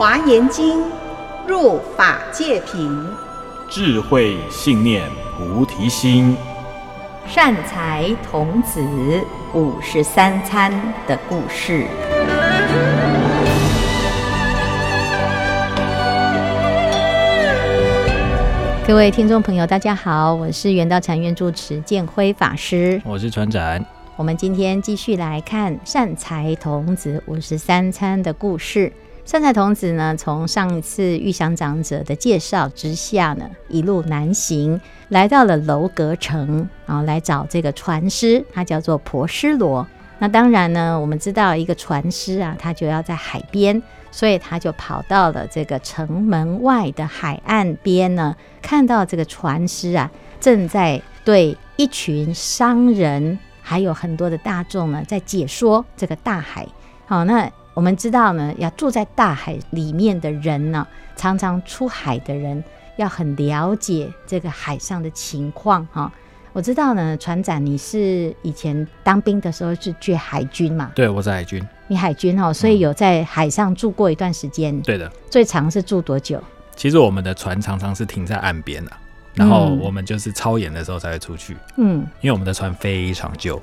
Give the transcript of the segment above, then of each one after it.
華嚴經入法界品，智慧信念菩提心，善財童子五十三參的故事。各位聽眾朋友，大家好，我是圓道禪院住持見輝法師，我是傳展，我們今天繼續來看善財童子五十三參的故事。善財童子呢，從上一次鬻香長者的介紹之下呢，一路南行，來到了樓閣城啊、哦，來找這個船師，他叫做婆施羅。那當然呢，我們知道一個船師啊，他就要在海邊，所以他就跑到了這個城門外的海岸邊呢，看到這個船師啊，正在對一群商人，還有很多的大眾呢，在解說這個大海。好、哦，那。我們知道呢，要住在大海裡面的人呢、喔，常常出海的人要很了解這個海上的情況哈、喔。我知道呢，船長，你是以前當兵的時候是去海軍嘛？對，我是海軍。你海軍哦、喔，所以有在海上住過一段時間、嗯。對的。最長是住多久？其實我們的船常常是停在岸邊的、啊，然後我們就是操演的時候才會出去。嗯。因為我們的船非常舊。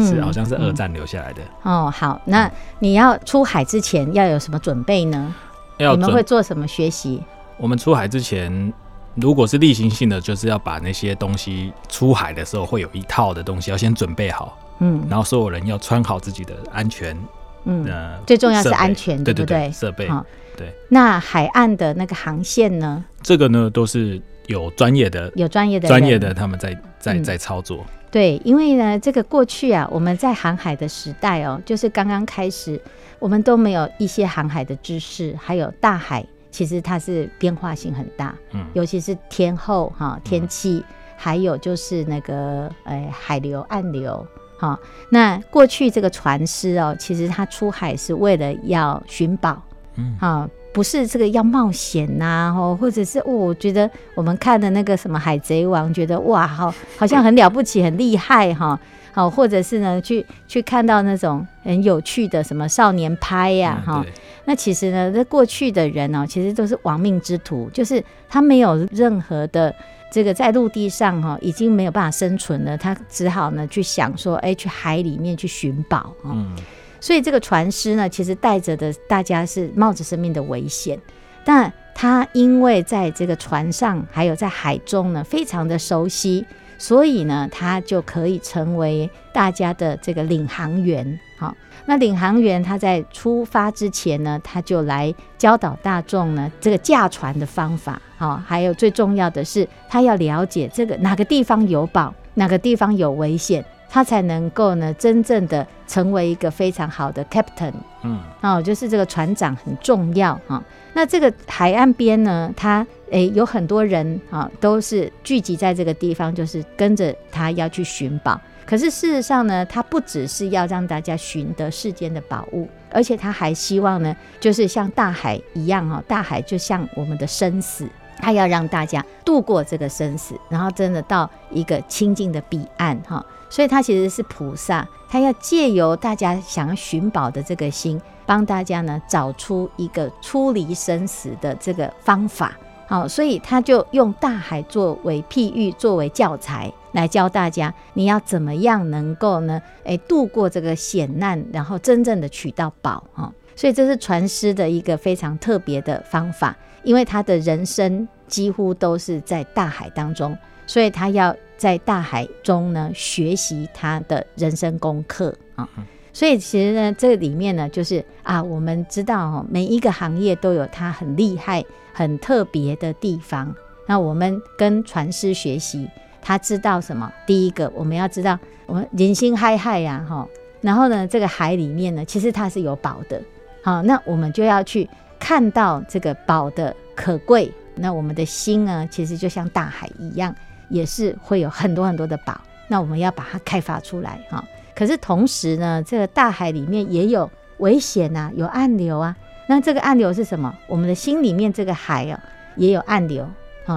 是，好像是二戰留下來的。嗯嗯。哦，好，那你要出海之前要有什麼準備呢？你們會做什麼學習？我們出海之前，如果是例行性的，就是要把那些東西出海的時候會有一套的東西要先準備好。嗯，然後所有人要穿好自己的安全的。嗯，最重要是安全對不對？對對對，設備好。對。那海岸的那個航線呢？這個呢都是有專業的、有專業的、專業的他們在在在操作。嗯對，因為呢，這個過去啊，我們在航海的時代哦，就是剛剛開始，我們都沒有一些航海的知識，還有大海其實它是變化性很大，嗯、尤其是天候哈、天氣、嗯，還有就是那個、哎、海流、暗流哈、哦。那過去這個船師哦，其實他出海是為了要尋寶，嗯，哈、哦。不是這個要冒險吶，吼，或者是、哦、我覺得我們看的那個什麼《海賊王》，覺得哇，好好像很了不起，很厲害，哈，好，或者是呢，去去看到那種很有趣的什麼少年派呀、啊，哈、嗯，那其實呢，那過去的人呢、哦，其實都是亡命之徒，就是他沒有任何的這個在陸地上哈，已經沒有辦法生存了，他只好呢去想說，誒，去海裡面去尋寶，嗯。所以這個船師呢，其實帶着的大家是冒着生命的危險，但他因為在這個船上還有在海中呢，非常的熟悉，所以呢，他就可以成為大家的這個領航員。好，那領航員他在出發之前呢，他就來教導大眾呢這個駕船的方法。好，還有最重要的是，他要了解這個哪個地方有寶，哪個地方有危險。他才能夠呢，真正的成為一個非常好的 captain，嗯，哦，就是這個船長很重要哈，哦，那這個海岸邊呢，他誒有很多人啊，哦，都是聚集在這個地方，就是跟着他要去尋寶。可是事實上呢，他不只是要讓大家尋得世間的寶物，而且他還希望呢，就是像大海一樣哈，哦，大海就像我們的生死，他要讓大家度過這個生死，然後真的到一個清淨的彼岸哈。哦所以他其實是菩薩，他要借由大家想要尋寶的這個心，幫大家呢找出一個出離生死的這個方法。好，所以他就用大海作為譬喻，作為教材來教大家，你要怎麼樣能夠呢？誒，度過這個險難，然後真正的取到寶。哈，所以這是船師的一個非常特別的方法，因為他的人生幾乎都是在大海當中，所以他要。在大海中呢，學習他的人生功課啊，所以其實呢，這裡面呢，就是啊，我們知道每一個行業都有它很厲害、很特別的地方。那我們跟船師學習，他知道什麼？第一個，我們要知道我們人心海海呀，吼，然後呢，這個海裡面呢，其實它是有寶的。好，那我們就要去看到這個寶的可貴。那我們的心呢，其實就像大海一樣。也是會有很多很多的寶，那我們要把它開發出來哈。可是同時呢，這個大海裡面也有危險吶、啊，有暗流啊。那這個暗流是什麼？我們的心裡面這個海啊，也有暗流，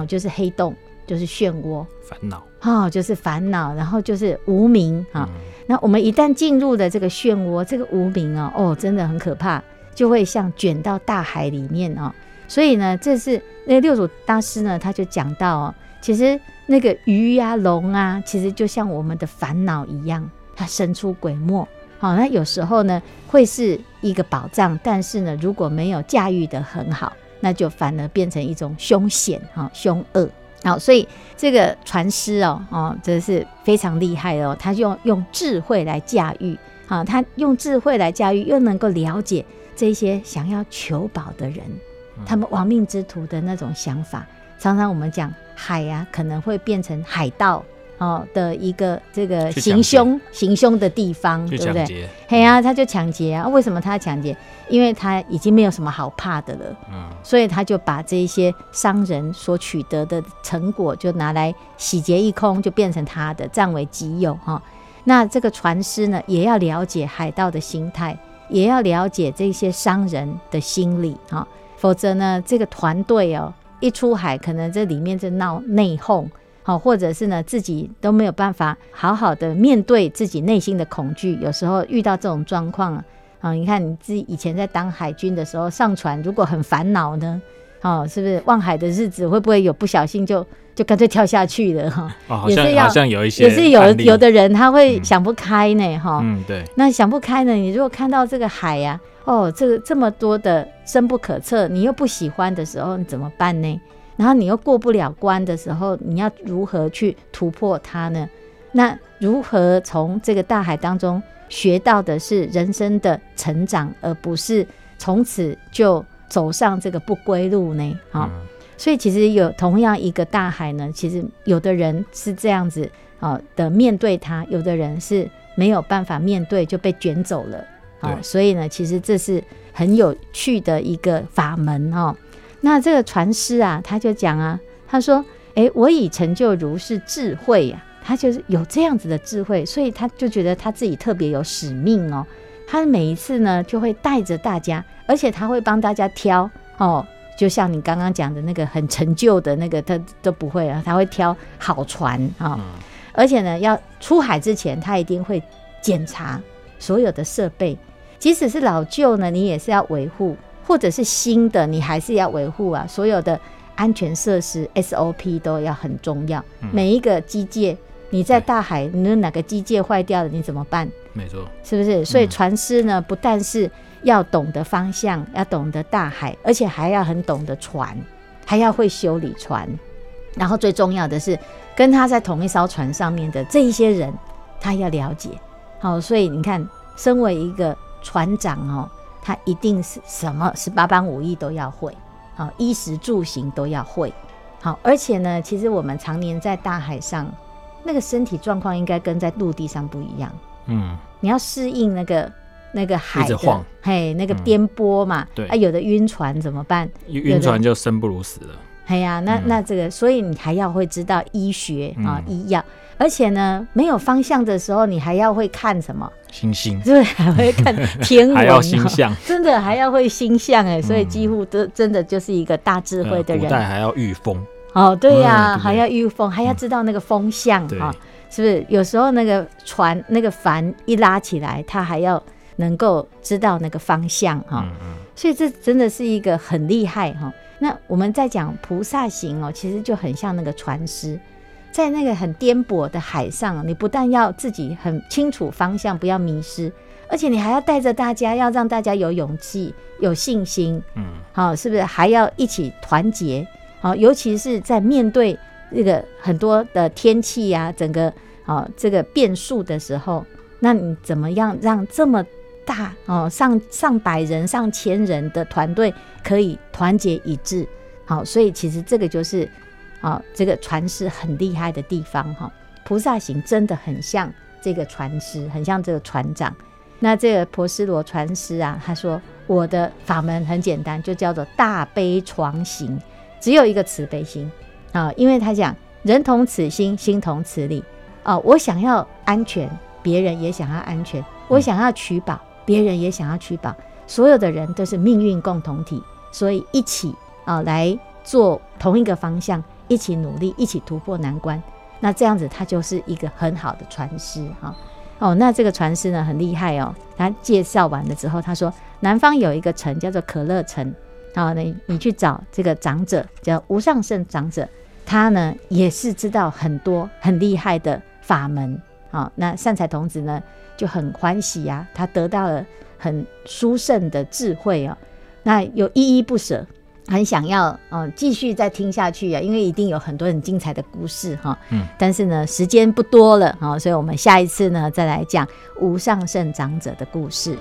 就是黑洞，就是漩渦，煩惱、哦、就是煩惱，然後就是無明。啊、嗯。那我們一旦進入了這個漩渦，這個無明哦，哦，真的很可怕，就會像卷到大海裡面哦。所以呢，這是那個、六祖大師呢，他就講到哦，其實那個魚呀、啊、龍啊，其實就像我們的煩惱一樣，它神出鬼沒。好、哦，那有時候呢，會是一個寶藏，但是呢，如果沒有駕馭得很好，那就反而變成一種凶險、哦、凶惡。好、哦，所以這個船師哦，哦，真是非常厲害的哦，他用用智慧來駕馭啊、哦，他用智慧來駕馭，又能夠了解這些想要求寶的人。他們亡命之徒的那種想法，常常我們講海呀、啊，可能會變成海盜哦的一個這個行兇行兇的地方，對不對？海啊，他就搶劫啊、啊。為什麼他要搶劫？因為他已經沒有什麼好怕的了、嗯，所以他就把這些商人所取得的成果就拿來洗劫一空，就變成他的佔為己有哈、哦。那這個船師呢，也要了解海盜的心態，也要了解這些商人的心理哈。哦否則呢，這個團隊哦，一出海可能這裡面就鬧內訌，好、哦，或者是呢自己都沒有辦法好好的面對自己內心的恐懼。有時候遇到這種狀況啊、哦，你看你自己以前在當海軍的時候上船，如果很煩惱呢？哦，是不是望海的日子，會不會有不小心就就乾脆跳下去了哈、哦哦？也是要好像有一些，也是有有的人他會想不開呢哈、嗯哦。嗯，對。那想不開呢？你如果看到這個海呀、啊，哦，這個這麼多的深不可測，你又不喜歡的時候，你怎麼辦呢？然後你又過不了關的時候，你要如何去突破它呢？那如何從這個大海當中學到的是人生的成長，而不是從此就？走上這個不歸路呢？好、嗯。所以其實有同樣一個大海呢，其實有的人是這樣子啊的面對它，有的人是沒有辦法面對就被捲走了啊。所以呢，其實這是很有趣的一個法門哦。那這個船師啊，他就講啊，他說：“誒、欸，我已成就如是智慧呀、啊，他就是有這樣子的智慧，所以他就覺得他自己特別有使命哦、喔。”他每一次呢，就會帶着大家，而且他會幫大家挑哦，就像你剛剛講的那個很陳舊的那個，他都不會啊，他會挑好船啊、哦嗯。而且呢，要出海之前，他一定會檢查所有的設備，即使是老舊呢，你也是要維護，或者是新的，你還是要維護啊。所有的安全設施 SOP 都要很重要、嗯，每一個機械，你在大海，嗯、你有哪個機械壞掉了，你怎麼辦？沒錯，是不是？所以船師呢，不但是要懂得方向，要懂得大海，而且還要很懂得船，還要會修理船。然後最重要的是，跟他在同一艘船上面的這一些人，他要了解。好，所以你看，身為一個船長哦，他一定是什麼十八般武藝都要會，好，衣食住行都要會。好，而且呢，其實我們常年在大海上，那個身體狀況應該跟在陸地上不一樣。嗯，你要適應那個那個海晃，嘿，那個顛簸嘛，嗯、啊對啊，有的暈船怎麼辦？暈暈船就生不如死了。嘿呀、啊，那、嗯、那這個，所以你還要會知道醫學啊、嗯，醫藥，而且呢，沒有方向的時候，你還要會看什麼？星星，對，還會看天文。還、喔、真的還要會星象哎、嗯，所以幾乎都真的就是一個大智慧的人。嗯、古代還要御風。哦、喔，對呀、啊嗯，還要御風，還要知道那個風向啊。嗯是不是有時候那個船，那個帆一拉起來，他還要能夠知道那個方向哈，所以這真的是一個很厲害哈。那我們在講菩薩行哦，其實就很像那個船師，在那個很顛簸的海上，你不但要自己很清楚方向，不要迷失，而且你還要帶着大家，要讓大家有勇氣、有信心。嗯，好，是不是還要一起團結？好，尤其是在面對那個很多的天氣呀、啊，整個。哦，這個變數的時候，那你怎麼樣讓這麼大哦，上上百人、上千人的團隊可以團結一致？好、哦，所以其實這個就是哦，這個船師很厲害的地方哈、哦。菩薩行真的很像這個船師，很像這個船長。那這個婆施羅船師啊，他說我的法門很簡單，就叫做大悲船行，只有一個慈悲心啊、哦。因為他講人同此心，心同此理。啊、哦，我想要安全，別人也想要安全；我想要取寶，別、嗯、人也想要取寶。所有的人都是命運共同體，所以一起啊、哦、來做同一個方向，一起努力，一起突破難關。那這樣子，他就是一個很好的船師哦,哦，那這個船師呢很厲害哦。他介紹完了之後，他說南方有一個城叫做可樂城，啊、哦，你你去找這個長者叫無上勝長者，他呢也是知道很多很厲害的。法門好，那善財童子呢就很歡喜呀、啊，他得到了很殊勝的智慧哦、啊。那又依依不舍，很想要嗯繼續再聽下去呀、啊，因為一定有很多很精彩的故事哈。嗯，但是呢時間不多了啊，所以我們下一次呢再來講無上勝長者的故事。